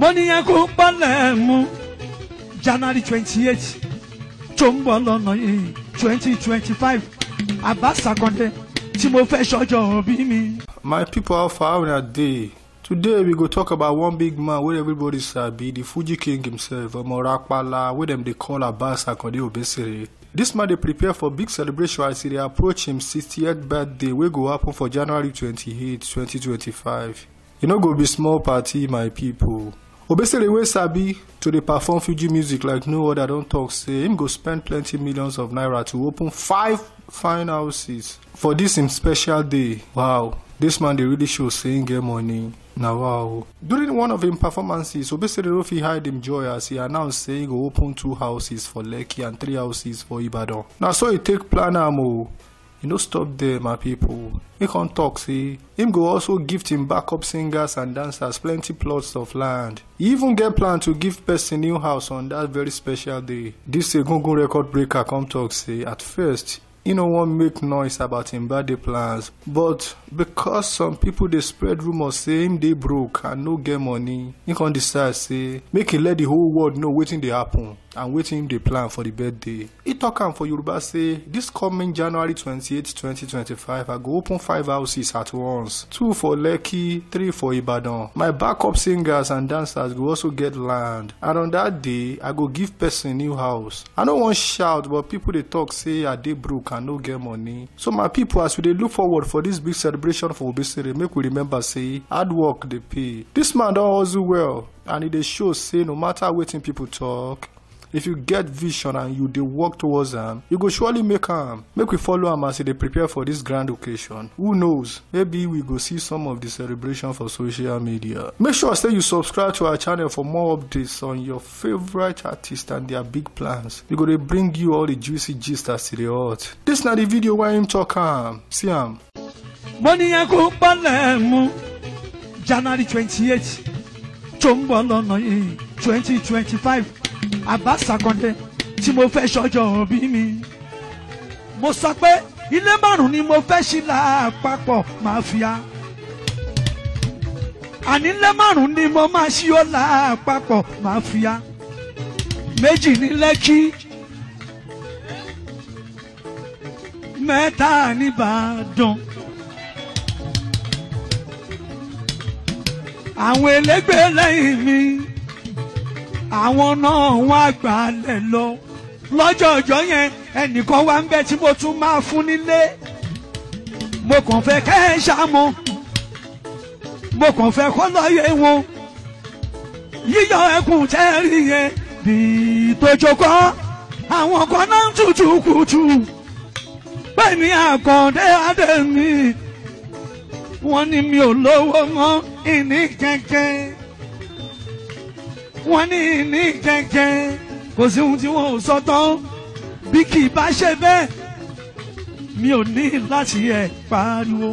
mọ́níyàkó balẹ̀ mú January twenty eight tó ń bọ̀ lọ́nà yìí twenty twenty five Abass Akande tí mo fẹ́ ṣọjọ́ òbí mi. My people how far una dey? Today we go talk about one big man wey everybody sabi, the Fuji king himself, Omo Rapala, wey dem dey call Abass Akande Obesere. This man dey prepare for big celebration as e dey approach im 60th birthday wey go happen for January 28, 2025 e no go be small party my people. obesere wey sabi to dey perform fuji music like no other don talk say im go spend plenty millions of naira to open five fine houses for dis im special day wow dis man dey really show say im get money na wow during one of im performances obesere no fit hide im joy as e announce say im go open two houses for lekki and three houses for ibadan na so e take plan am o e no stop there my people. He come talk say him go also gift him backup singers and dancers plenty plots of land e even get plan to give person new house on that very special day dis egungun record breaker come talk say at first e no wan make noise about him birthday plans but because some people dey spread rumours say im dey broke and no get money he come decide say make he let the whole world know wetin dey happen and wetin im dey plan for di birthday e tok am for yoruba say dis coming january twenty twenty twenty five. i go open five houses at once two for lekki three for ibadan my backup singers and dancers go also get land and on dat day i go give person new house i no wan shout but pipo dey talk say i dey broke and no get money so my pipo as we dey look forward for dis big celebration for Obisere. make we remember say hard work dey pay dis man don hustle well and e dey show say no matter wetin pipo talk if you get vision and you dey work towards am you go surely make am make we follow am as e dey prepare for this grand occasion who knows maybe we go see some of the celebration for social media make sure say you subscribe to our channel for more updates on your favorite artists and their big plans we go dey bring you all the juicy gist as e dey hot dis na di video wey im tok am see am mo níyẹn kó palẹ̀ January twenty eight tó ń bọ̀ lọ́nà yìí twenty twenty five Abbas Akande tí mo fẹ́ ṣọjọ́ bí mi. mo sọ pé ilé márùn ni mo fẹ́ ṣí láàpapọ̀ máa fi á. àní ilé márùn ni mo máa ṣí ó láàpapọ̀ máa fi á. méjì ní Lẹ́kì mẹ́ta ní àwọn elégbè lẹ́yìn mi àwọn náà wọ́n àgbà lẹ̀ lọ lọ́jọ́ ọjọ́ yẹn ẹnìkan wá ń bẹ tí mo tún máa fún nílé mo kàn fẹ́ kẹ́ ẹ ṣàmọ́ mo kàn fẹ́ kọ́ lọ́yẹ̀ wọn yíyọ ẹkùn tẹ́ rí yẹn bí ìtòjọkọ́ àwọn kan náà ń tutù kùtù bẹ́ẹ̀ ni àkàndé adé mi wọ́n ní mi ò lówó mọ́ ìní kẹ̀kẹ́ wọ́n ní ní jẹ́jẹ́ kò sí ohun tí wọ́n ò sọ tán bí kì í bá ṣe bẹ́ẹ̀ mi ò ní láti ẹ̀ pariwo.